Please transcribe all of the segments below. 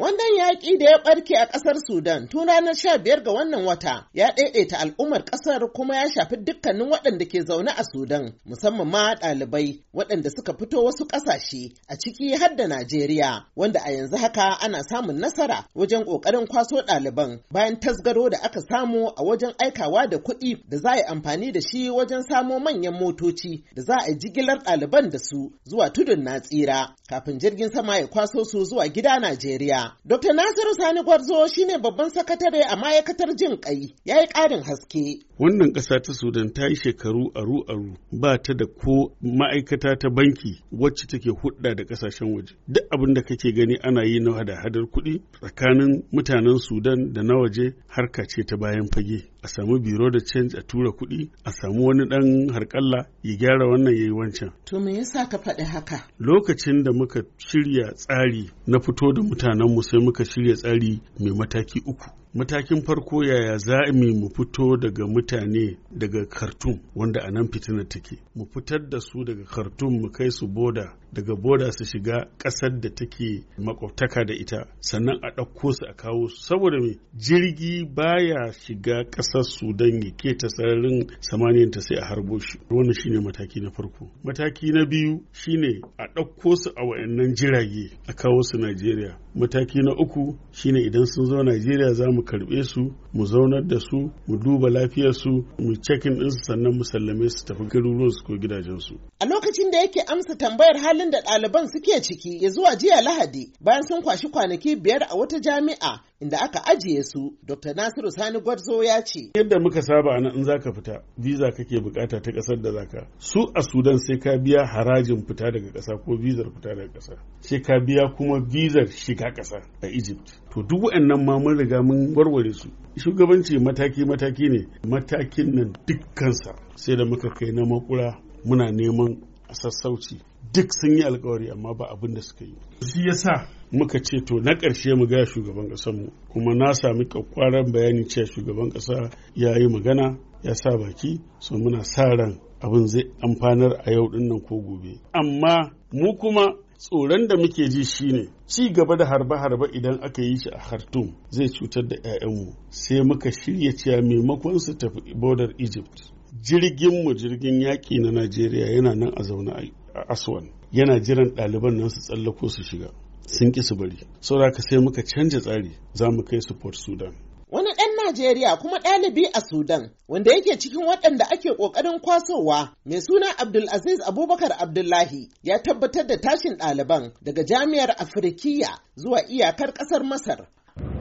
Wannan yaƙi da ya ɓarke a ƙasar Sudan tun ranar sha biyar ga wannan wata ya ɗaiɗaita al'ummar ƙasar kuma ya shafi dukkanin waɗanda ke zaune a Sudan musamman ma ɗalibai waɗanda suka fito wasu ƙasashe a ciki har da Najeriya wanda a yanzu haka ana samun nasara wajen ƙoƙarin kwaso ɗaliban bayan tasgaro da aka samu a wajen aikawa da kuɗi da za a yi amfani da shi wajen samo manyan motoci da za a yi jigilar ɗaliban da su zuwa tudun na tsira kafin jirgin sama ya kwaso su zuwa gida Najeriya. Dr. Nasiru Sani Gwarzo shine babban sakatare a ma'aikatar jin kai ya yi ƙarin haske. Wannan ƙasa ta Sudan ta yi shekaru aru-aru ba ta da ko ma'aikata ta banki wacce take hudda da ƙasashen waje. Duk abin da kake gani ana yi na hada-hadar kuɗi tsakanin mutanen Sudan da na waje harka ce ta bayan fage. a samu biro da change a tura kuɗi a samu wani ɗan harƙalla ya gyara wannan yayi wancan. To me yasa ka faɗi haka? Lokacin da muka shirya tsari na fito da mutanenmu sai muka shirya tsari mai mataki uku. matakin farko yaya za mu fito daga mutane daga khartoum wanda a nan fitina take mu fitar da su daga khartoum mu kai su boda daga boda su shiga ƙasar da take makwabtaka da ita sannan a ɗauko su a kawo su saboda me jirgi baya shiga ƙasar sudan ya ta sararin samaniyanta sai a harbo shi wannan shine mataki na farko mataki na biyu shine a ɗauko su a wayannan jirage a kawo su najeriya mataki na uku shine idan sun zo najeriya za mu karbe su mu zaunar da su mu duba lafiyar su mu cekin su sannan mu sallame su tafi su ko gidajen su. a lokacin da yake amsa tambayar halin da ɗaliban suke ciki ya zuwa jiya lahadi bayan sun kwashi kwanaki biyar a wata jami'a inda aka ajiye su dr nasiru sani gwarzo ya ce yadda muka saba nan in zaka fita visa kake bukata ta kasar da zaka su a sudan sai ka biya harajin fita daga kasa ko bizar fita daga kasa sai ka biya kuma bizar shiga shiga ƙasa a egypt to duk waɗannan ma mun riga mun warware su shugabanci mataki-mataki ne matakin nan dukkansa sai da muka kai na makura muna neman sassauci duk sun yi alkawari amma ba abin da suka yi shi yasa muka ce to na ƙarshe mu gaya shugaban mu kuma na sami kwakwaran bayani cewa shugaban ƙasa ya yi magana ya sa baki so muna sa ran abin zai amfanar a yau dinnan ko gobe amma mu kuma tsoron da muke ji shine ci gaba da harbe-harbe idan aka yi shi a Khartoum zai cutar da 'ya'yanmu sai muka shirya cewa maimakon su tafi bodar Egypt jirgin mu jirgin yaƙi na Najeriya yana nan a zaune a Aswan yana jiran ɗaliban nan su tsallako su shiga sun ƙi su bari saboda sai muka canja tsari za mu kai su Port Sudan wani ɗan Najeriya kuma ɗalibi a Sudan wanda yake cikin waɗanda ake ƙoƙarin kwasowa mai suna Abdulaziz Abubakar Abdullahi ya tabbatar da tashin ɗaliban daga jami'ar Afirkiya zuwa iyakar ƙasar Masar.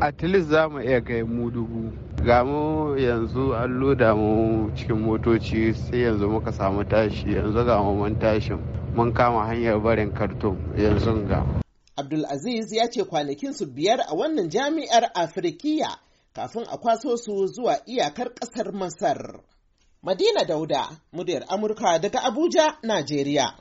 At least za mu iya kai mu dubu. Ga mu yanzu an loda mu cikin motoci sai yanzu muka samu tashi yanzu ga mu mun tashin mun kama hanyar barin karton yanzu ga. Abdulaziz ya ce kwanakin su biyar a wannan jami'ar Afirkiya kafin a kwaso su zuwa iyakar ƙasar Masar. Madina Dauda, muryar Amurka daga Abuja, Najeriya.